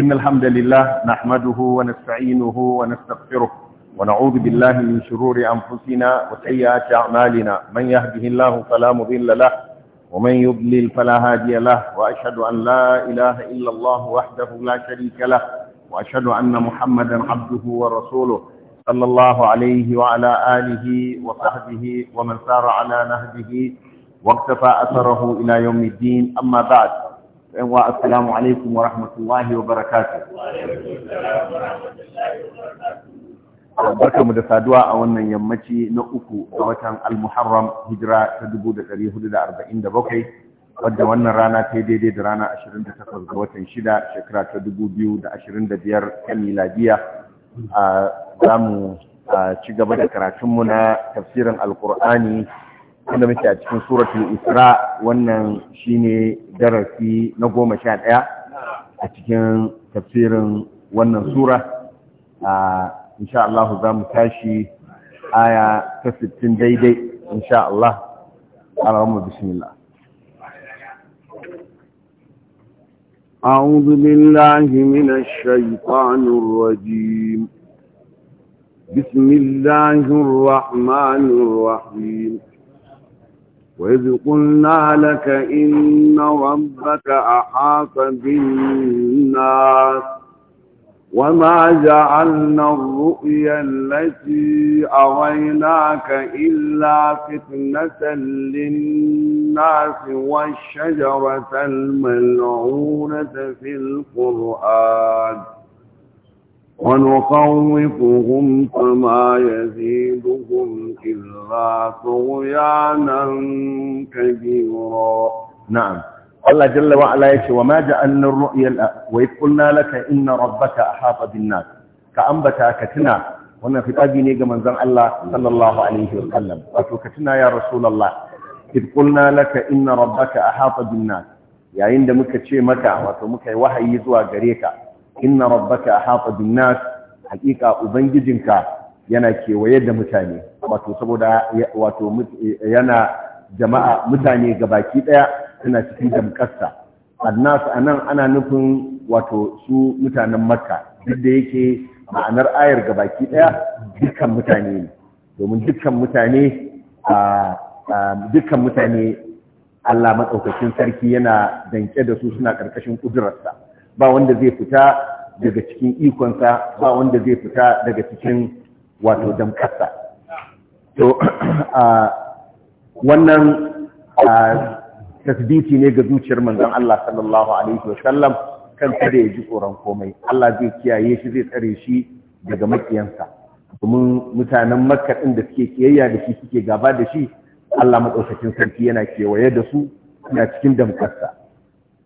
إن الحمد لله نحمده ونستعينه ونستغفره ونعوذ بالله من شرور أنفسنا وسيئات أعمالنا من يهده الله فلا مضل له ومن يضلل فلا هادي له وأشهد أن لا إله إلا الله وحده لا شريك له وأشهد أن محمدا عبده ورسوله صلى الله عليه وعلى آله وصحبه ومن سار على نهجه واقتفى أثره إلى يوم الدين أما بعد yanwa assalamu alaikum wa rahmatullahi wa barakatuh barka mu da saduwa a wannan yammaci na uku ga watan al-muharram hijira ta 1447 wadda wannan rana ta yi daidai da rana 28 ga watan 6 shekara ta 2025 ta miladiya za mu ci gaba da karatunmu na tafsirin al alkur'ani wanda muke a cikin suratul isra wannan shine darasi na goma sha ɗaya a cikin tafsirin wannan sura a insha Allah za mu tashi aya ta sittin daidai insha Allah alamu bismillah أعوذ بالله من الشيطان الرجيم بسم الله الرحمن الرحيم وإذ قلنا لك إن ربك أحاط بالناس وما جعلنا الرؤيا التي أريناك إلا فتنة للناس والشجرة الملعونة في القرآن ونخوفهم فما يزيدهم إلا طغيانا كبيرا نعم الله جل وعلا يشي وما جعلنا الرؤيا الأ وإذ قلنا لك إن ربك أحاط بالناس كأنبتا كتنا وانا في طاقي نيجا منزل الله صلى الله عليه وسلم واتو كتنا يا رسول الله إذ قلنا لك إن ربك أحاط بالناس يعني عندما كتشي مكا واتو مكا وحي يزوى قريكا inna rabbaka ahata bin nas hakika ubangijinka yana kewaye da mutane wato saboda wato yana jama'a mutane gabaki daya suna cikin damkarsa annas anan ana nufin wato su mutanen makka duk da yake ma'anar ayar gabaki daya dukkan mutane ne domin dukkan mutane a dukkan mutane Allah maɗaukakin sarki yana danke da su suna ƙarƙashin ƙudurarsa ba wanda zai fita daga cikin ikonsa ba wanda zai fita daga cikin wato damkarsa to a wannan tasbiti ne ga zuciyar manzon Allah sallallahu alaihi wasallam kan tare ya ji tsoron komai Allah zai kiyaye shi zai tsare shi daga makiyansa domin mutanen makka da suke kiyayya da shi suke gaba da shi Allah maɗaukakin sarki yana kewaye da su yana cikin damkarsa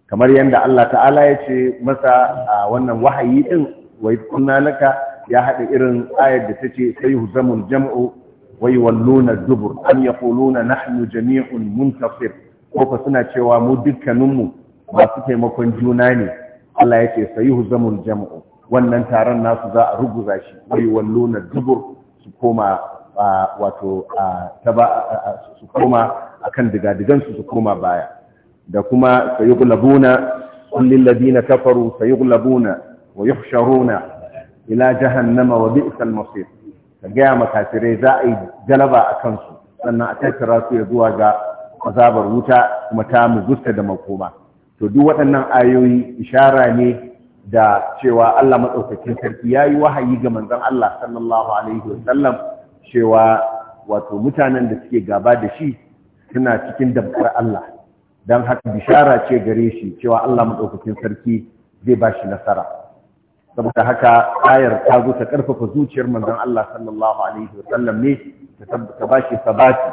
kamar yadda Allah ta'ala ya ce masa a wannan wahayi ɗin, wai kunna laka ya haɗa irin ayar da ta ce sai huzamun jam'u wai walluna dubur an ya kuluna nahnu jami'un muntasir ko fa suna cewa mu dukkaninmu masu taimakon juna ne Allah ya ce sai huzamun jam'u wannan taron nasu za a ruguza shi wai walluna dubur su koma wato su koma akan digadigansu su koma baya da kuma sayughlabuna kullil ladina kafaru sayughlabuna wa yuhsharuna ila jahannama wa bi'sal masir kaga makafire za a yi galaba a su sannan a tattara su ya zuwa ga azabar wuta kuma ta gusta da makoma to duk waɗannan ayoyi ishara ne da cewa Allah maɗaukakin sarki yayi wahayi ga manzon Allah sallallahu alaihi wasallam cewa wato mutanen da suke gaba da shi suna cikin dabbar Allah don haka bishara ce gare shi cewa Allah maɗaukakin sarki zai ba shi nasara saboda haka ayar ta zo ta ƙarfafa zuciyar manzon Allah sallallahu alaihi wasallam ne ta ba shi sabati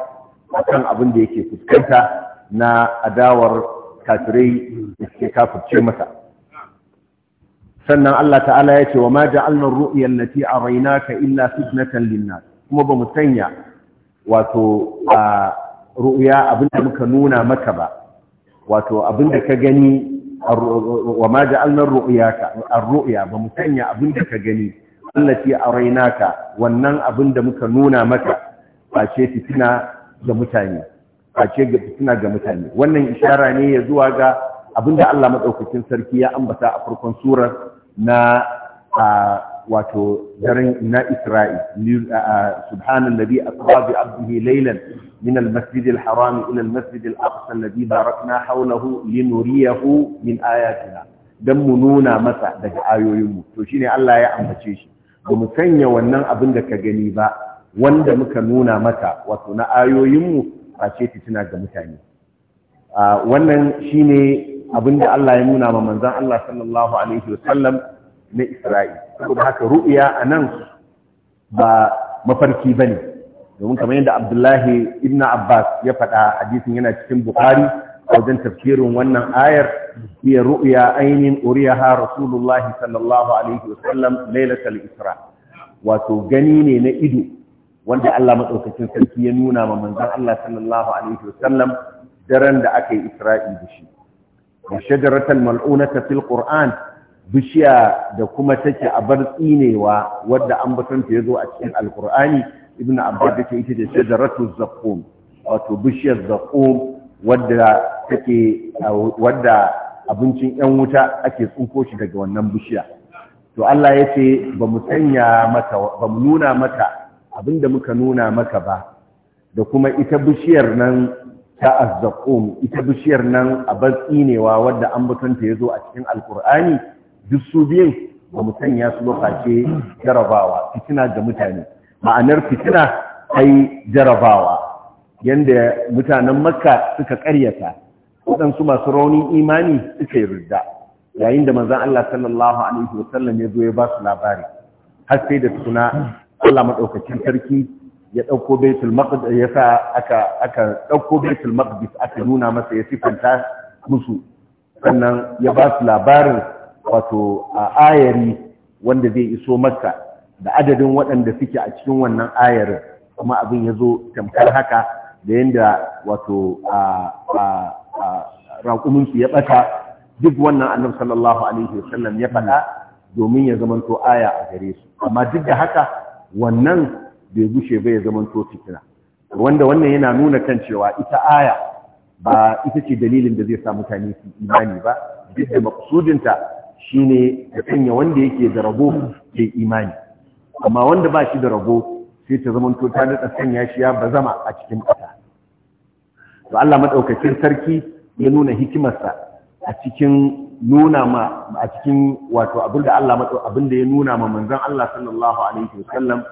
akan abin da yake fuskanta na adawar kafirai da suke kafirce masa sannan Allah ta'ala ya ce wa ma ja'alna ar-ru'ya allati araynaka illa fitnatan lin-nas kuma bamu sanya wato a ru'ya abin da muka nuna maka ba wato abinda ka gani wa ma ja'alna ru'yaka ar-ru'ya ba mu sanya abinda ka gani allati arainaka wannan abinda muka nuna maka face fitina ga mutane face ga fitina ga mutane wannan ishara ne ya zuwa ga abinda Allah madaukakin sarki ya ambata a farkon surar na wato daren na Isra'i subhanan nabi asra bi abdihi laylan min al-masjid al ila al-masjid alladhi barakna hawlahu linuriyahu min ayatina dan mu nuna masa daga ayoyinmu to shine Allah ya ambace shi ba mu sanya wannan abin da ka gani ba wanda muka nuna mata wato na ayoyinmu a ce tuna ga mutane wannan shine abin da Allah ya nuna ma manzon Allah sallallahu alaihi wasallam na isra'i saboda haka ru'ya a nan ba mafarki ba ne domin kamar yadda abdullahi ibn abbas ya faɗa hadisin yana cikin bukhari wajen tafsirin wannan ayar hiya ru'ya ainihin uriyaha rasulullahi sallallahu alaihi wasallam lailatul isra wato gani ne na ido wanda Allah madaukakin sarki ya nuna ma manzon Allah sallallahu alaihi wasallam daren da aka yi isra'i da shi wa shajaratul mal'unata fil qur'an bishiya da kuma take a bar tsinewa wadda an batanta ya zo a cikin alkur'ani ibn abbas da ke ita da shajaratu zaqqum wato bishiyar zaqqum wadda take wadda abincin yan wuta ake tsinko shi daga wannan bishiya to Allah ya ce ba mu sanya mata ba mu nuna maka abinda muka nuna maka ba da kuma ita bishiyar nan ta azzakum ita bishiyar nan a bar tsinewa wadda an batanta ya zo a cikin alkur'ani duk su biyun ba mu sanya su lokaci jarabawa fitina ga mutane ma'anar fitina ai jarabawa yanda mutanen makka suka karyata waɗansu masu raunin imani suka yi rudda yayin da manzan Allah sallallahu alaihi wasallam ya zo ya ba su labari har sai da suna Allah maɗaukacin sarki ya ɗauko baitul maqdis ya sa aka aka dauko baitul maqdis aka nuna masa ya sifanta musu sannan ya ba su labarin wato a ayari wanda zai iso masa da adadin waɗanda suke a cikin wannan ayarin kuma abin ya zo tamkar haka da yadda wato raƙuminsu ya ɓata duk wannan annabi sallallahu alaihi wasallam ya faɗa domin ya zamanto aya a gare su amma duk da haka wannan bai gushe bai ya zamanto fitina wanda wannan yana nuna kan cewa ita aya ba ita ce dalilin da zai sa mutane su imani ba duk da maksudinta Shi ne ya sanya wanda yake da rabo ke imani amma wanda ba shi da rabo sai ta zama to ta daɗa sanya shi ya bazama a cikin ƙasa to Allah maɗaukacin sarki ya nuna hikimarsa a cikin nuna ma a cikin wato abin da Allah abin da ya nuna ma manzon Allah sallallahu alaihi wasallam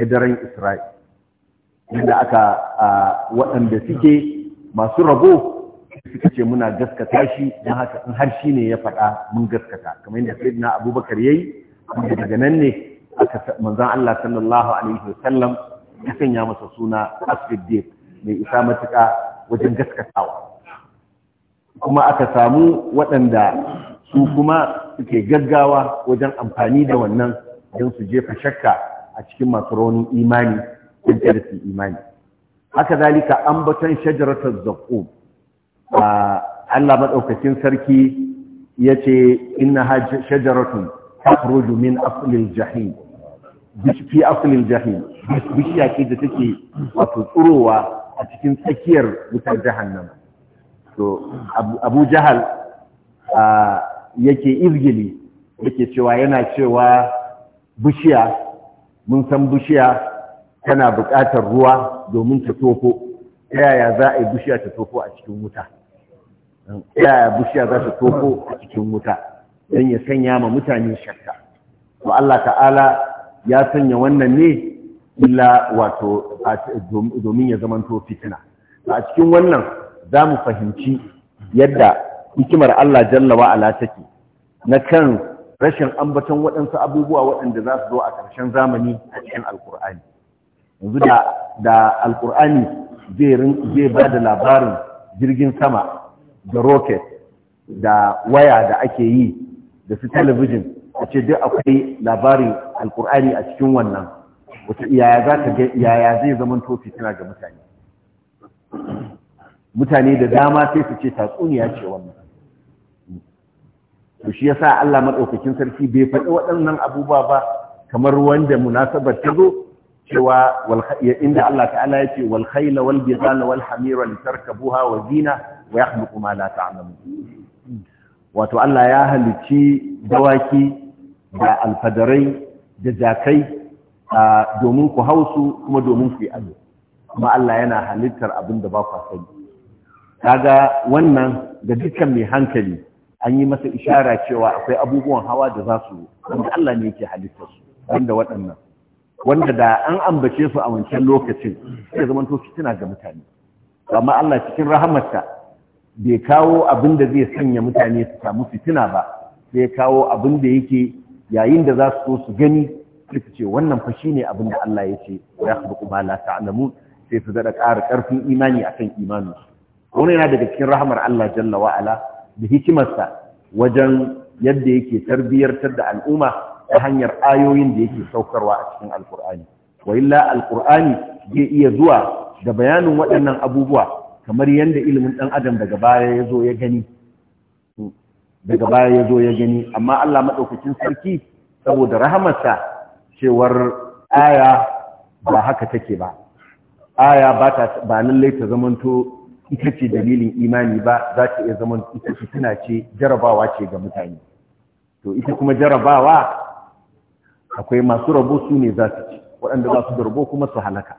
ya daren Isra'il inda aka waɗanda suke masu rabo suka ce muna gaskata shi don haka in har shi ne ya faɗa mun gaskata kamar yadda sai na abubakar ya yi daga nan ne aka manzan Allah sallallahu alaihi wasallam ya sanya masa suna asfiddiq mai isa matuƙa wajen gaskatawa kuma aka samu waɗanda su kuma suke gaggawa wajen amfani da wannan don su jefa shakka a cikin masu raunin imani don kada su imani haka zalika ambaton shajaratar zaƙo Allah maɗaukacin sarki ya ce ina shajaratun tafroju min afilil jahim fi afilil jahim bishiya ce da take wato tsurowa a cikin tsakiyar wutar jahannama to abu jahal yake izgili yake cewa yana cewa bishiya mun san bishiya tana buƙatar ruwa domin ta tofo ta yaya za a yi bishiya ta tofo a cikin wuta yaya bishiya za su toko a cikin wuta don ya sanya ma mutane shakka to Allah ta'ala ya sanya wannan ne illa wato domin ya zamanto fitina a cikin wannan za mu fahimci yadda hikimar Allah jalla ala take na kan rashin ambaton waɗansu abubuwa waɗanda za su zo a ƙarshen zamani a cikin alkur'ani yanzu da alkur'ani zai ba da labarin jirgin sama da rocket da waya da ake yi da su talabijin a ce duk akwai labarin alkur'ani a cikin wannan wata yaya za ka ga yaya zai zama tofi tana ga mutane mutane da dama sai su ce tatsuniya ce wannan to shi yasa Allah madaukakin sarki bai faɗi waɗannan abubuwa ba kamar wanda munasabar ta zo cewa inda Allah ta'ala ya ce wal khayla wal bizala wal wa zina wa la wato Allah ya halici dawaki da alfadarai da zakai domin ku hausu kuma domin ku yi ado kuma Allah yana halittar abin da ba ku sani kaga wannan ga dukkan mai hankali an yi masa ishara cewa akwai abubuwan hawa da za su wanda Allah ne yake halittar su wanda waɗannan wanda da an ambace su a wancan lokacin sai zaman to fitina ga mutane amma Allah cikin rahamarsa bai kawo abin da zai sanya mutane su samu fitina ba sai kawo abin da yake yayin da za su so su gani su ce wannan fa shine abin da Allah ya ce ya khuluqu ma la ta'lamun sai su daɗa ƙara ƙarfin imani akan imanin wannan yana daga cikin rahamar Allah jalla wa ala da hikimarsa wajen yadda yake tarbiyartar da al'umma ta hanyar ayoyin da yake saukarwa a cikin alkur'ani wa illa alkur'ani zai iya zuwa da bayanin waɗannan abubuwa kamar yadda ilimin ɗan adam daga baya ya zo ya gani daga baya ya zo ya gani amma Allah maɗaukacin sarki saboda rahamarsa cewar aya ba haka take ba aya ba ba lallai ta zamanto ita ce dalilin imani ba za ta iya zaman ita ce tana ce jarabawa ce ga mutane to ita kuma jarabawa akwai masu rabo su ne za su ci waɗanda ba su da rabo kuma su halaka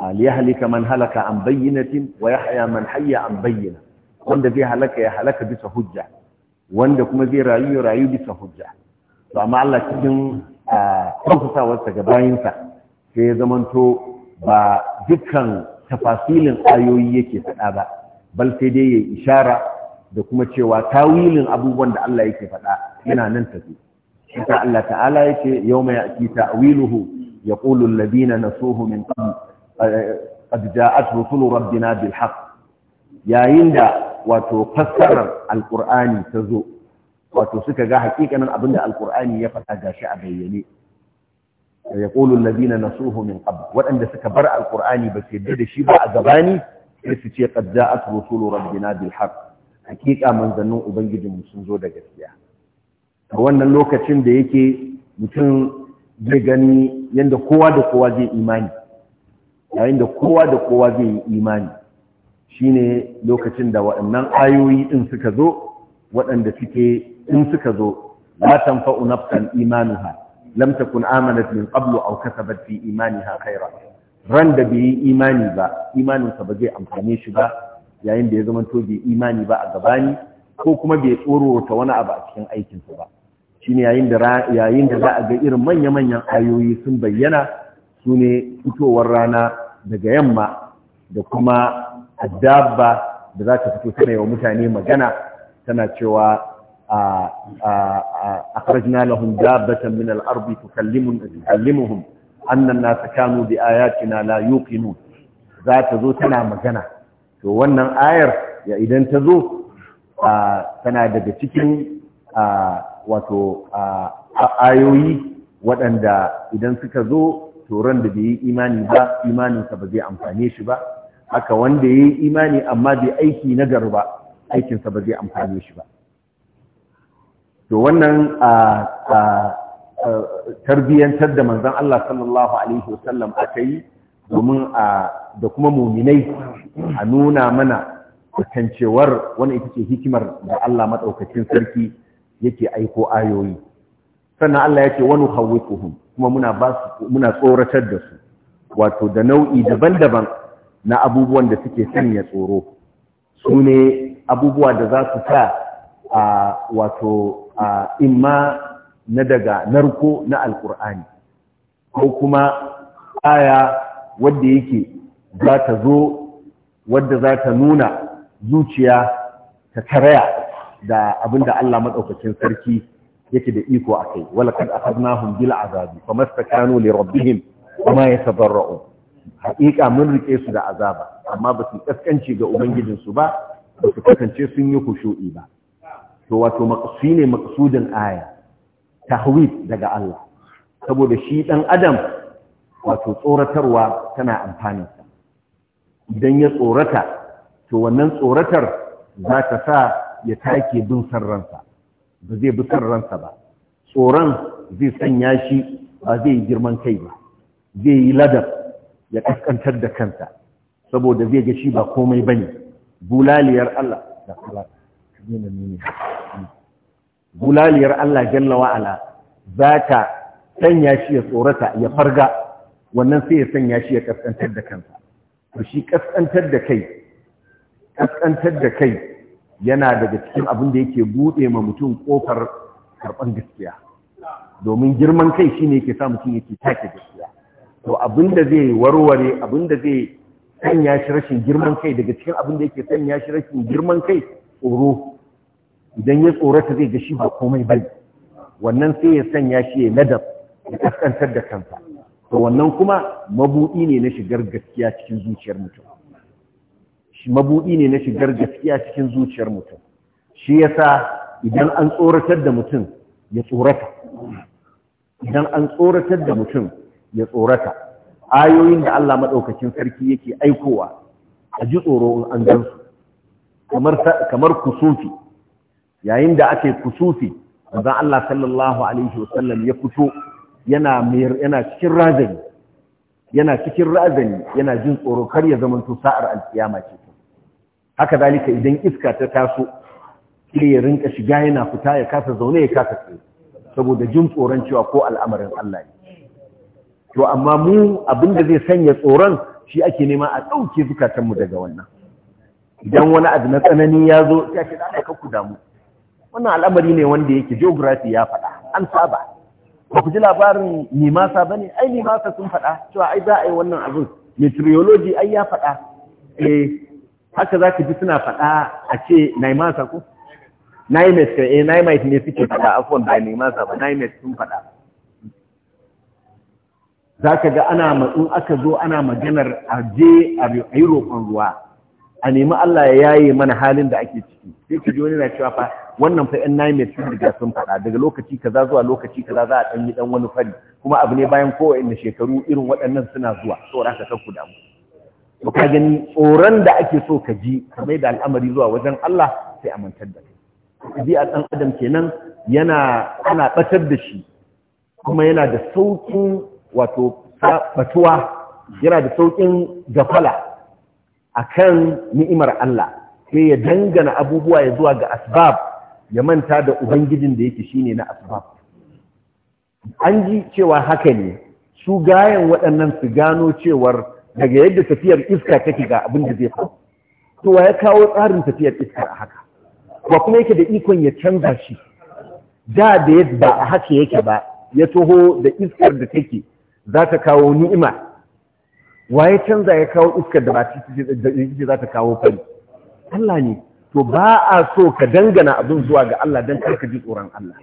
halika man halaka an bayyinatin wa yahya man hayya an bayyana wanda zai halaka ya halaka bisa hujja wanda kuma zai rayu ya rayu bisa hujja to amma Allah cikin kafasawarsa ga bayinsa sai ya zamanto ba dukkan tafasilin ayoyi yake faɗa ba bal sai dai ya ishara da kuma cewa tawilin abubuwan da Allah yake faɗa yana nan tafi Shisa Allah ta'ala ya ce, Yau mai aki ta'awiluhu ya ƙulun labina na min ja'at rusulu rabbina bil haq. Yayin da wato fassarar Alƙur'ani ta zo, wato suka ga hakikanin abinda Alƙur'ani ya faɗa gashi a bayyane. Ya ƙulun Nasuhu min ƙab. Waɗanda suka bar Alƙur'ani ba sai da shi ba a gabani, sai su ce ƙad ja'at rusulu rabbina bil haq. Hakika manzannin Ubangijinmu sun zo da gaskiya. a wannan lokacin da yake mutum zai gani yadda kowa da kowa zai imani yayin da kowa da kowa zai yi imani shine lokacin da waɗannan ayoyi ɗin suka zo waɗanda suke in suka zo la tanfa'u nafsan imanuha lam takun amanat min qablu aw kasabat fi imaniha khayra ran da bai yi imani ba imaninsa ba zai amfani shi ba yayin da ya zama to imani ba a gabani ko kuma bai tsorota wani abu a cikin aikinsa ba shine yayin da za a ga irin manya-manyan ayoyi sun bayyana su ne fitowar rana daga yamma da kuma adabba da za ta fito tana wa mutane magana tana cewa a ƙarfina lahun dabbatan min annan na ta kanu za ta zo tana magana to wannan ayar ya idan ta zo tana daga cikin wato a ayoyi waɗanda idan suka zo turan da bai yi imani ba imaninsa ba zai amfane shi ba haka wanda ya yi imani amma bai aiki na garu ba aikinsa ba zai amfane shi ba to wannan tarbiyyantar da manzan Allah sallallahu Alaihi wasallam aka yi domin da kuma muminai a nuna mana kasancewar wani ita ce hikimar da Allah maɗaukacin sarki yake aiko ayoyi sannan Allah yake wani hawwikuhum kuma muna tsoratar da su wato da nau'i daban-daban na abubuwan da suke sanya tsoro su ne abubuwa da za su sa a wato a imma na daga narko na alkur'ani ko kuma aya wadda yake za ta zo wadda za ta nuna zuciya ta karaya da abinda Allah madaukakin sarki yake da iko akai walakad akhadnahum bil azabi famastakanu li rabbihim wama yatadarra'un haqiqa mun rike su da azaba amma ba su kaskanci ga ubangijin su ba ba su kasance sun yi kushu'i ba to wato maqsudi ne maqsudin aya tahwid daga Allah saboda shi dan adam wato tsoratarwa tana amfani idan ya tsorata to wannan tsoratar za ta sa ya take bin san ransa ba zai bi san ransa ba tsoron zai sanya shi ba zai yi girman kai ba zai yi ladar ya kaskantar da kansa saboda zai ga shi ba komai ba ne. bulaliyar Allah da Allah bulaliyar Allah jalla wa'ala za ta sanya shi ya tsorata ya farga wannan sai ya sanya shi ya kaskantar da kansa to shi kaskantar da kai kaskantar da kai yana daga cikin abin da yake buɗe ma mutum ƙofar karɓar gaskiya domin girman kai shine yake sa mutum yake take gaskiya to abin da zai warware abin da zai sanya shi rashin girman kai daga cikin abin da yake sanya shi rashin girman kai tsoro idan ya tsorata zai ga shi ba komai bane wannan sai ya sanya shi ya ladab ya kaskantar da kansa to wannan kuma mabuɗi ne na shigar gaskiya cikin zuciyar mutum mabuɗi ne na shigar gaskiya cikin zuciyar mutum shi yasa idan an tsoratar da mutum ya tsorata idan an tsoratar da mutum ya tsorata ayoyin da Allah maɗaukacin sarki yake aikowa a ji tsoro in an gansu kamar kusufi yayin da ake kusufi zan Allah sallallahu alaihi wasallam ya fito yana cikin razani yana cikin razani yana jin tsoro kar ya zama to sa'ar alkiyama ce haka zalika idan iska ta taso sai ya rinka shiga yana fita ya kasa zaune ya kasa tsaye saboda jin tsoron cewa ko al'amarin Allah ne to amma mu abinda zai sanya tsoron shi ake nema a zukatan mu daga wannan idan wani abu na tsanani ya zo ya ce da ku damu wannan al'amari ne wanda yake geography ya faɗa an saba ba ku ji labarin nimasa ba ne ai nimasa sun faɗa cewa ai za a yi wannan abin meteorology ai ya faɗa eh haka za ka ji suna faɗa a ce naimasa ka eh ne suke faɗa afon ba naimasa ba sun faɗa za ka ga ana matsun aka zo ana maganar a je a yi roƙon ruwa a nemi Allah ya yaye mana halin da ake ciki sai ka ji wani na cewa fa wannan fa yan naimet sun riga sun faɗa daga lokaci kaza zuwa lokaci kaza za a ɗan yi ɗan wani fari kuma abu ne bayan kowa inda shekaru irin waɗannan suna zuwa saboda haka kan ku damu to ka gani tsoron da ake so ka ji mai da al'amari zuwa wajen Allah sai a mantar da kai ji a ɗan adam kenan yana ana batar da shi kuma yana da saukin wato batuwa yana da saukin gafala a kan ni'imar Allah sai ya dangana abubuwa ya zuwa ga asbab ya manta da ubangijin da yake shine na asbab an ji cewa haka ne su gayan waɗannan su gano cewar daga yadda tafiyar iska take ga abin da zai faru to wa ya kawo tsarin tafiyar iska a haka wa kuma yake da ikon ya canza shi da da ya ba a haka yake ba ya toho da iskar da take za ta kawo ni'ima wa ya canza ya kawo iskar da ba ta za ta kawo fari Allah ne to ba a so ka dangana abin zuwa ga Allah don karka ji tsoron Allah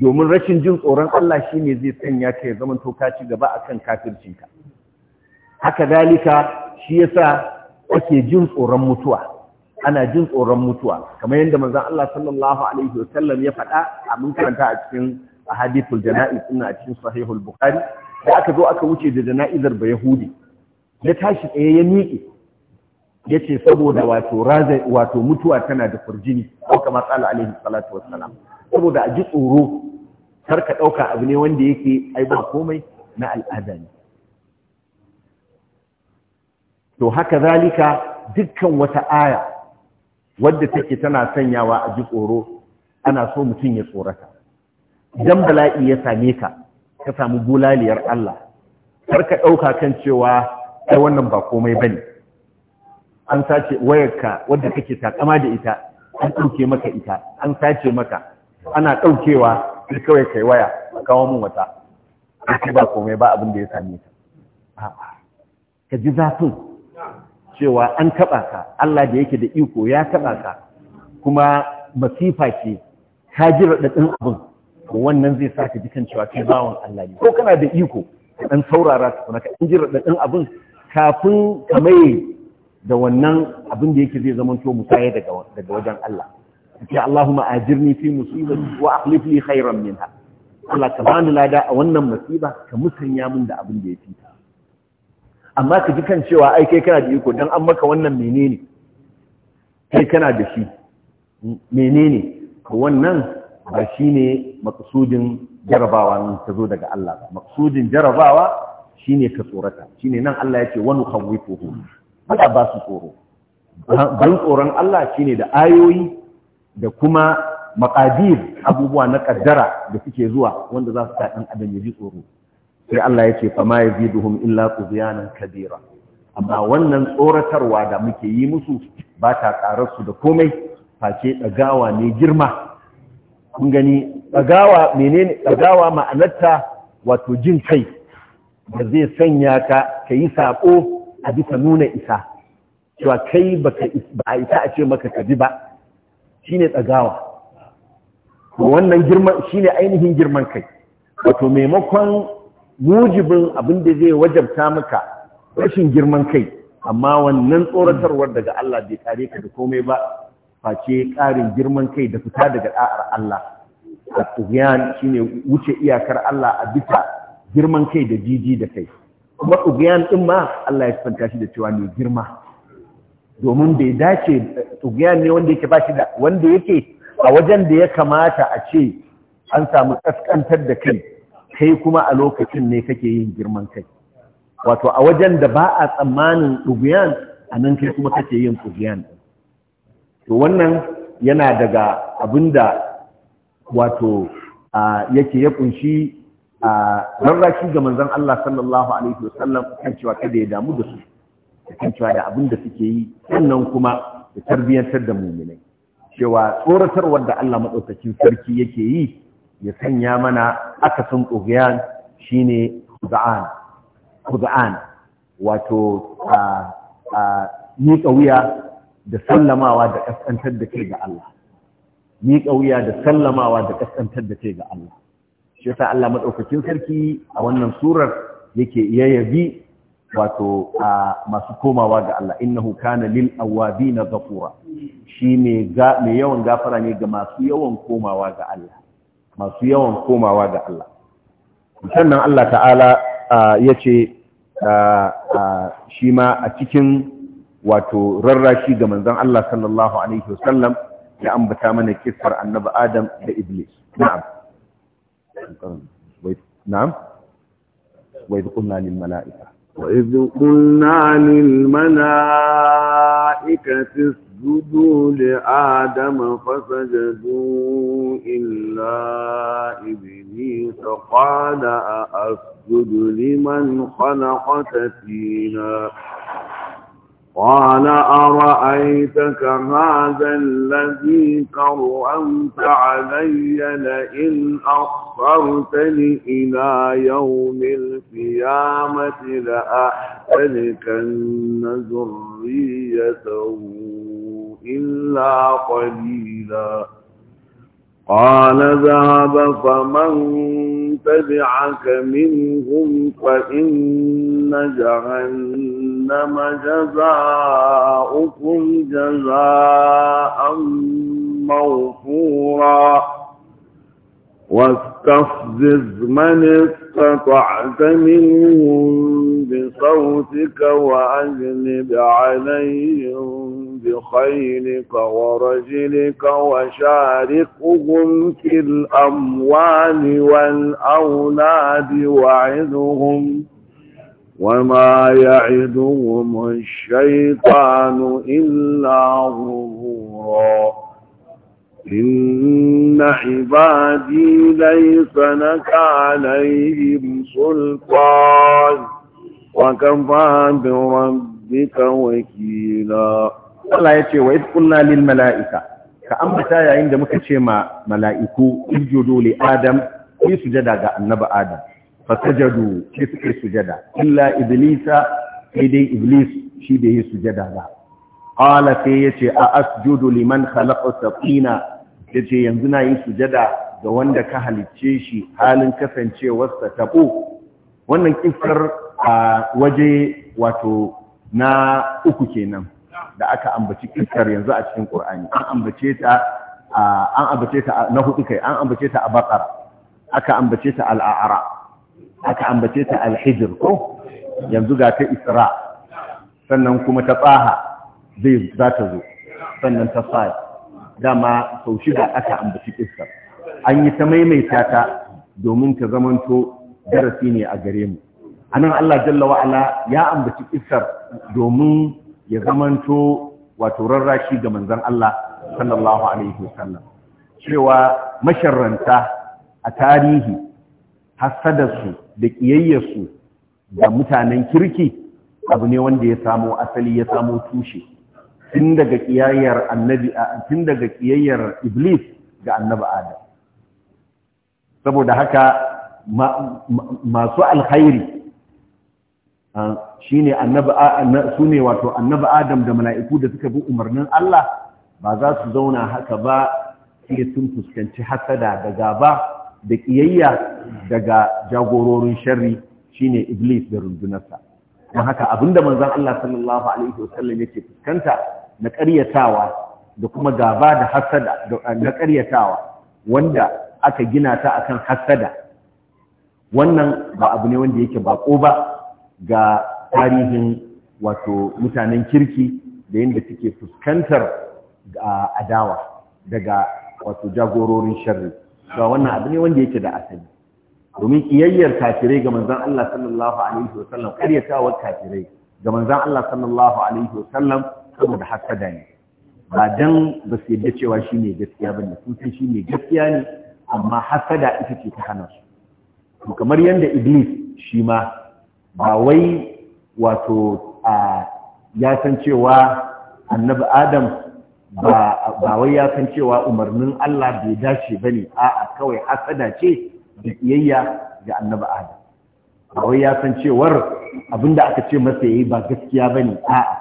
domin rashin jin tsoron Allah shi ne zai sanya ka ya zama to ka ci gaba akan kafircinka haka dalika shi yasa ake jin tsoron mutuwa ana jin tsoron mutuwa kamar yadda manzon Allah sallallahu alaihi wasallam ya faɗa a mun karanta a cikin ahadithul jana'iz din a cikin sahihul bukhari da aka zo aka wuce da jana'izar ba yahudi ya tashi tsaye ya miƙe ya ce saboda wato raza wato mutuwa tana da furjini ko kamar tsala alaihi salatu wassalam saboda a ji tsoro kar ka ɗauka abu ne wanda yake aibar komai na al'ada to haka zalika dukkan wata aya wadda take tana sanyawa a ji tsoro ana so mutum ya tsorata idan bala'i ya same ka ka samu bulaliyar Allah kar ka ɗauka kan cewa ai wannan ba komai bane an sace wayarka wadda kake takama da ita an ɗauke maka ita an sace maka ana ɗaukewa sai kawai kai waya kawo min wata ba komai ba abin da ya same ka a'a ka ji zafin cewa an taɓa ka Allah da yake da iko ya taɓa ka kuma masifa ce ka ji raɗaɗin abin wannan zai sa ka ji kan cewa kai bawan Allah ne ko kana da iko ka ɗan saurara ka kuma ka ɗan ji raɗaɗin abin kafin ka mai da wannan abin da yake zai zama to musaya daga wajen Allah ya Allahumma ajirni fi musibati wa akhlif li khairan minha Allah ka bani lada a wannan musiba ka musanya min da abin da yake amma ka ji kan cewa ai kai kana da iko dan an maka wannan menene kai kana da shi menene ka wannan ba ne maksudin jarabawa ta zo daga Allah ba maksudin jarabawa shine ka tsorata shine nan Allah yace wa nukhawwifuhu ba ba su tsoro ban tsoron Allah shine da ayoyi da kuma maqadir abubuwa na kaddara da suke zuwa wanda za su sa dan adam ya ji tsoro sai Allah ya ce fama yaziduhum illa tubyanan kabira amma wannan tsoratarwa da muke yi musu ba ta karar su da komai face dagawa ne girma kun gani dagawa menene dagawa ma'anarta wato jin kai da zai sanya ka yi sako a bisa nuna isa cewa kai baka ba isa a ce maka kabi ba shine dagawa wannan girman shine ainihin girman kai wato maimakon mujibin abin da zai wajabta maka rashin girman kai amma wannan tsoratarwar daga Allah bai kare ka da komai ba face ƙarin girman kai da fita daga da'ar Allah at shine wuce iyakar Allah a bisa girman kai da jiji da kai kuma tughyan din ma Allah ya fanta shi da cewa ne girma domin bai dace tughyan ne wanda yake ba da wanda yake a wajen da ya kamata a ce an samu kaskantar da kai kai kuma a lokacin ne kake yin girman kai wato a wajen da ba a tsammanin ɗuguyan a nan kai kuma kake yin ɗuguyan to wannan yana daga abin da wato yake ya kunshi rarraki ga manzon Allah sallallahu alaihi wasallam kan cewa kada ya damu da su kan cewa da abin da suke yi sannan kuma da tarbiyyantar da mu'minai cewa tsoratarwar da Allah madaukakin sarki yake yi ya sanya mana akasin ƙugiyar shi ne kuza'an, wato miƙa wuya da sallamawa da ƙasƙantar da ke ga Allah miƙa wuya da sallamawa da da ke ga Allah shi yasa Allah maɗaukacin sarki a wannan surar yake iya yabi, wato a masu komawa ga Allah inna kana lil na zafura shi mai yawan gafara ne ga masu yawan komawa ga Allah masu yawan komawa ga Allah sannan Allah ta'ala ya ce shi ma a cikin wato rarrashi ga manzon Allah sallallahu alaihi wasallam ya ambata mana kissar annaba Adam da Iblis na'am na'am wa idh qulna lil mala'ika wa idh qulna lil mala'ikati اسجدوا لآدم فسجدوا إلا إبليس قال أأسجد لمن خلقت فينا قال أرأيتك هذا الذي كرمت علي لئن أخرتني إلى يوم القيامة لأحتلكن ذريته إلا قليلا قال ذهب فمن تبعك منهم فإن جهنم جزاؤكم جزاء موفورا واستفزز من استطعت منهم بصوتك وأجلب عليهم بخيلك ورجلك وشاركهم في الأموال والأولاد وعدهم وما يعدهم الشيطان إلا غرورا إن عبادي ليس لك عليهم سلطان وكفى بربك وكيلا Allah ya ce wa iz qulna mala'ika ka ambata yayin da muka ce ma mala'iku ijudu li adam yi sujada ga annabi adam fasajadu sai suka sujada illa iblisa sai dai iblis shi da yi sujada ba qala sai ce a asjudu liman khalaqa safina ce yanzu na yi sujada ga wanda ka halicce shi halin kasancewarsa tabo wannan kifar a waje wato na uku kenan da aka ambaci kifar yanzu a cikin Qur'ani an ambace ta na hudu kai an ambace ta a baƙar. aka ambace ta al'ara aka ambace ta al ko yanzu ga ta Isra sannan kuma ta Tsaha zai za ta zo sannan ta fadi dama sau shida aka ambaci kissar an yi ta maimaita ta domin ta zamanto darasi ne a gare mu A nan Allah jalla wa'ala ya ambaci kissar domin ya zamanto wato rarrashi ga Manzan Allah sallallahu alaihi wasallam cewa masharranta a tarihi hasadarsu da ƙiyayyarsu ga mutanen kirki abu ne wanda ya samo asali ya samo tushe tun daga kiyayyar annabi tun daga kiyayyar iblis ga annabi adam saboda haka masu alkhairi ne annabi sune wato annabi adam da mala'iku da suka bi umarnin Allah ba za su zauna haka ba sai sun fuskanci hasada da gaba da kiyayya daga jagororin sharri shine iblis da rundunarsa don haka abinda manzon Allah sallallahu alaihi wasallam yake fuskanta na ƙaryatawa da kuma gaba da hasada na ƙaryatawa wanda aka gina ta akan hasada wannan ba abu ne wanda yake bako ba ga tarihin wato mutanen kirki da yadda suke fuskantar adawa daga wato jagororin sharri ga wannan abu ne wanda yake da asali domin kiyayyar kafirai ga manzon Allah sallallahu alaihi wasallam karyatawar kafirai ga manzon Allah sallallahu alaihi wasallam saboda hassada ne ba dan ba su yadda cewa shi ne gaskiya ba ne sun san shi ne gaskiya ne amma hassada ita ce ta hana su kamar yadda iblis shi ma ba wai wato a ya san cewa annabi adam ba wai ya san cewa umarnin Allah bai dace ba ne a'a kawai hasada ce da iyayya ga annabi adam ba wai ya san cewar abinda aka ce masa yayi ba gaskiya ba ne a'a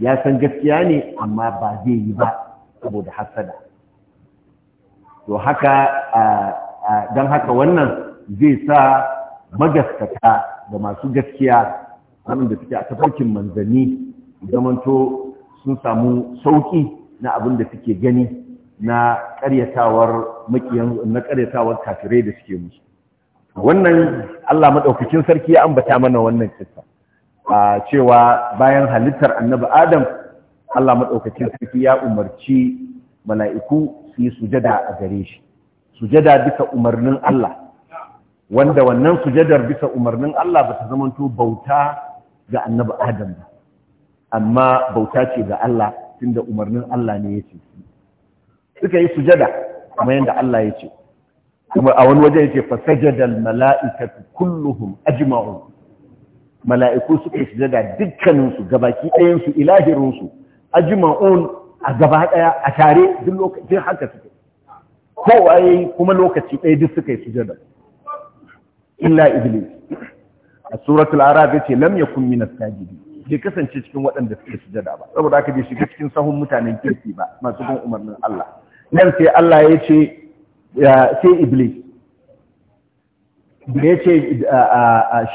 ya san gaskiya ne amma ba zai yi ba saboda hasada to haka don haka wannan zai sa magaskata da masu gaskiya waɗanda suke a tafarkin manzanni zamanto sun samu sauƙi na abin da suke gani na ƙaryatawar makiyan na ƙaryatawar kafirai da suke musu wannan Allah madaukakin sarki ya ambata mana wannan kissa a cewa bayan halittar annabi adam Allah maɗaukacin sarki ya umarci mala'iku su yi sujada a gare shi sujada bisa umarnin Allah wanda wannan sujadar bisa umarnin Allah ba ta zamanto bauta ga annabi Adam ba amma bauta ce ga Allah tunda umarnin Allah ne yake suka yi sujada kuma yanda Allah yake kuma a wani waje yake fasajada mala’ikatu kulluhum ajma'un mala'iku suka yi sujada dukkaninsu gabaki ɗayansu ilahirinsu ajma'un a gaba ɗaya a tare duk lokacin haka suke kowa kuma lokaci ɗaya duk suka yi sujada illa iblis a suratul arab ce lam yakun na as bai kasance cikin waɗanda suke sujada ba saboda aka je shiga cikin sahun mutanen kirki ba masu bin umarnin Allah nan sai Allah ya ce sai iblis da ya ce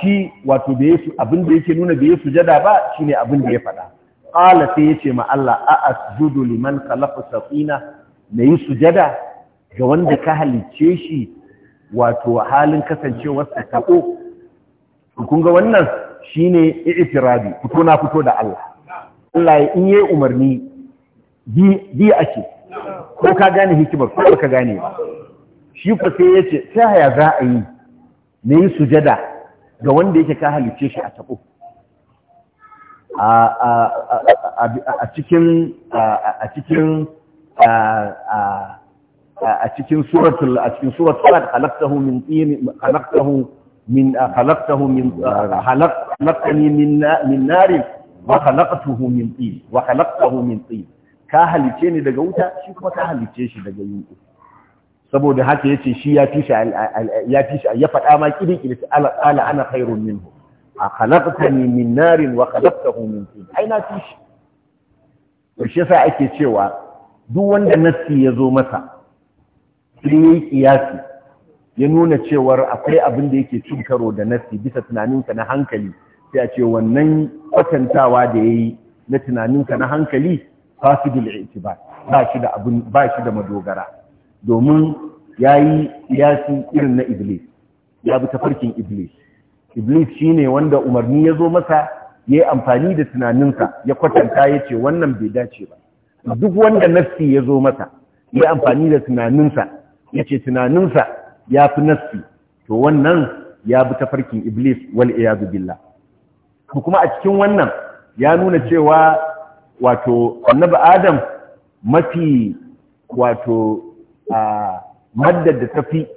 shi wato da yesu abin da yake nuna da yesu jada ba shine abin da ya faɗa ƙala sai ce ma Allah a asjudu liman kalafa safina na yi sujada ga wanda ka halicce shi wato halin kasancewar sa tako kun ga wannan shine i'tirabi fito na fito da Allah Allah ya in yayi umarni bi ake ko ka gane hikimar ko ka gane ba shi fa sai ce, sai haya za a yi Ne yi sujada ga wanda yake ka halice shi a taɓo a cikin a cikin a cikin suratul a cikin suratul khalaqtahu min tin khalaqtahu min khalaqtahu min khalaqtani min min nar wa khalaqtuhu min tin wa khalaqtahu min tin ka halice ni daga wuta shi kuma ka halice shi daga yunƙu saboda haka yace shi ya fi shi ya fi shi ya faɗa ma kidi kidi ala ana khairun minhu a khalaqtani min narin wa khalaqtahu min tin ai na fi shi to shi yasa ake cewa duk wanda nassi ya zo masa sai yayi kiyasi ya nuna cewar akwai abin da yake cin karo da nassi bisa tunaninka na hankali sai a ce wannan kwatantawa da yayi na tunaninka na hankali fasidul i'tibar ba shi da abin ba shi da madogara domin ya yi yasi irin na iblis ya bi tafarkin iblis iblis shine wanda umarni ya zo masa ya yi amfani da tunaninsa ya kwatanta ya ce wannan bai dace ba duk wanda nassi ya zo masa ya yi amfani da tunaninsa ya ce tunaninsa ya fi nassi to wannan ya bi tafarkin iblis wal iyazu billah kuma a cikin wannan ya nuna cewa wato annabi adam mafi wato a maddar da tafi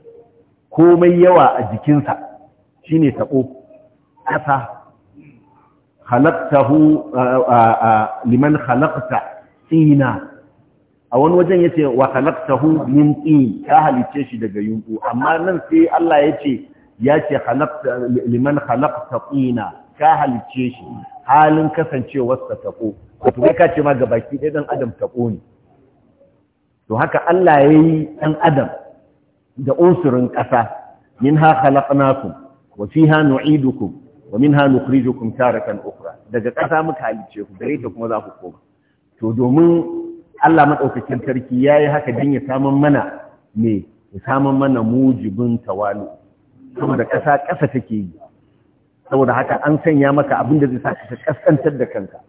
komai yawa a jikinsa shine taɓo ƙasa halaktahu liman halakta tsina a wani wajen ya ce wa halaktahu min tsini ta halice shi daga yunku amma nan sai Allah ya ce ya ce liman halakta tsina ka halice shi halin kasancewarsa taɓo wato ya ka ce ma ga baki ɗaya ɗan adam taɓo ne to haka Allah ya yi ɗan adam da usurin ƙasa min ha khalaqnakum wa fiha nu'idukum wa minha nukhrijukum taratan ukhra daga ƙasa muka halice ku gare ta kuma za ku koma to domin Allah madaukakin sarki yayi haka din ya saman mana ne ya saman mana mujibin tawalu da ƙasa ƙasa take yi saboda haka an sanya maka abin da zai sa ka kaskantar da kanka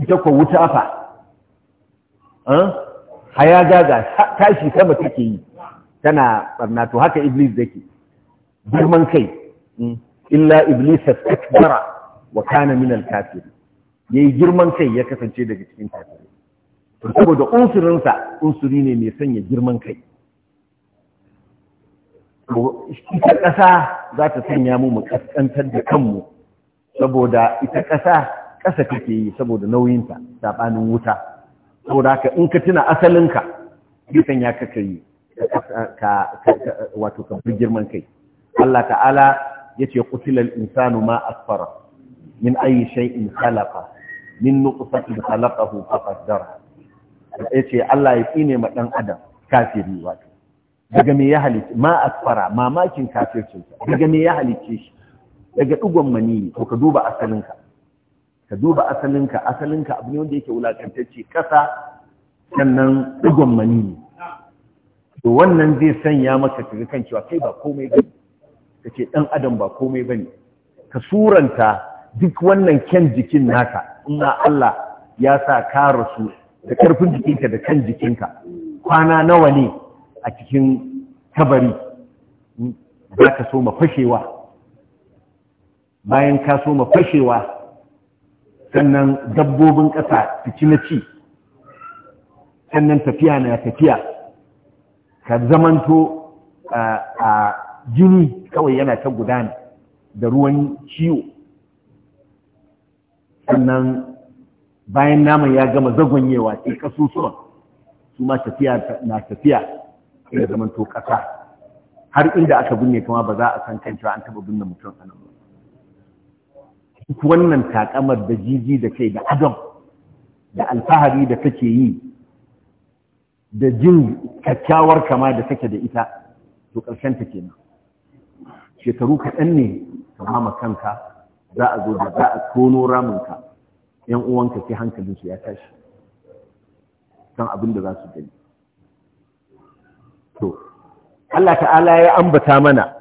ita ko wuta fa haya gaga tashi sama take yi tana barna to haka iblis yake girman kai hmm. illa iblis astakbara wa kana min al-kafir yayi girman kai ya kasance daga cikin kafirai to saboda unsurinsa unsuri ne mai sanya girman kai ita ƙasa za ta sanya mu mu kaskantar da kanmu saboda ita ƙasa ƙasa take yi saboda nauyin ta, saɓanin wuta saboda haka in ka tuna asalinka bisan ya kaka yi wato ka fi girman kai Allah ta'ala ya ce kutilal insanu ma asfara min ayi shay'in khalaqa min nuqsatin khalaqahu fa Ya ce Allah ya tsine ma dan adam kafiri wato daga me ya halice ma asfara mamakin kafircin daga me ya halice shi daga dugon mani Ko ka duba asalinka ka duba asalinka asalinka abu ne wanda yake wulakantacce kasa sannan digon mani to wannan zai sanya maka kaga kan cewa kai ba komai ba Ka ce dan adam ba komai bane ka suranta duk wannan kyan jikin naka ina Allah ya sa ka rasu da ƙarfin jikinka da kan jikinka kwana nawa ne a cikin kabari za ka so mafashewa bayan ka so mafashewa sannan dabbobin ƙasa su ci na ci sannan tafiya na tafiya ka zamanto a jini kawai yana ta gudana da ruwan ciwo sannan bayan naman ya gama zagonyewa sai kasusuwan su ma tafiya na tafiya ya zamanto ƙasa har inda aka binne kama ba za a san kanta an taɓa binne mutum a nan ba wannan takamar da jiji da kai da adam da alfahari da kake yi da jin kyakkyawar kama da kake da ita to ƙarshen ta kenan shekaru kaɗan ne ka mama kanka za a zo da za a tono ka, yan uwanka sai su ya tashi kan abin da za su gani to Allah ta'ala ya ambata mana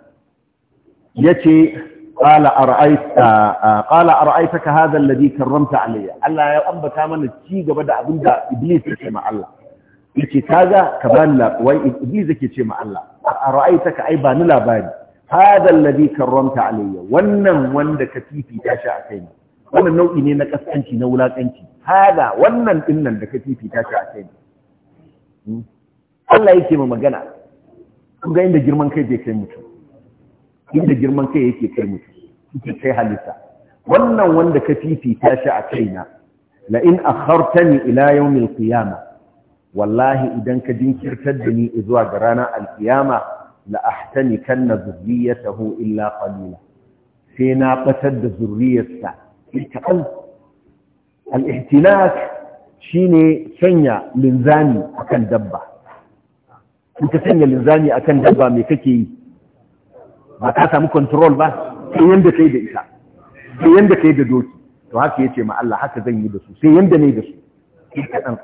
ya ce قال أرأيت قال أرأيتك هذا الذي كرمت علي الله يا أبا كامن تشي غبا دا ابن دا إبليس يكي مع الله يكي كذا كمان لا وي إبليس يكي مع الله أرأيتك أي بان لا بان هذا الذي كرمت علي wannan wanda ka fifita shi a kai wannan nau'i ne na kaskanci na wulakanci hada wannan ɗinnan da ka fifita shi a kai Allah yake ma magana kun ga inda girman kai bai kai mutum inda girman kai yake kai mutum yake kai halitta wannan wanda ka fifita shi a kaina la in akhartani ila yawmil qiyama wallahi idan ka jinkirtar da ni zuwa ga ranar alkiyama la ahtanikanna dhurriyatahu illa qalila sai na batar da zurriyarsa kaɗan al-ihtilak shine sanya linzami akan dabba in sanya linzami akan dabba me kake yi ba ka samu control ba sai yanda kai da ita sai yanda kai da doki to haka yace ma Allah haka zan yi da su sai yanda ne da su sai ka kadan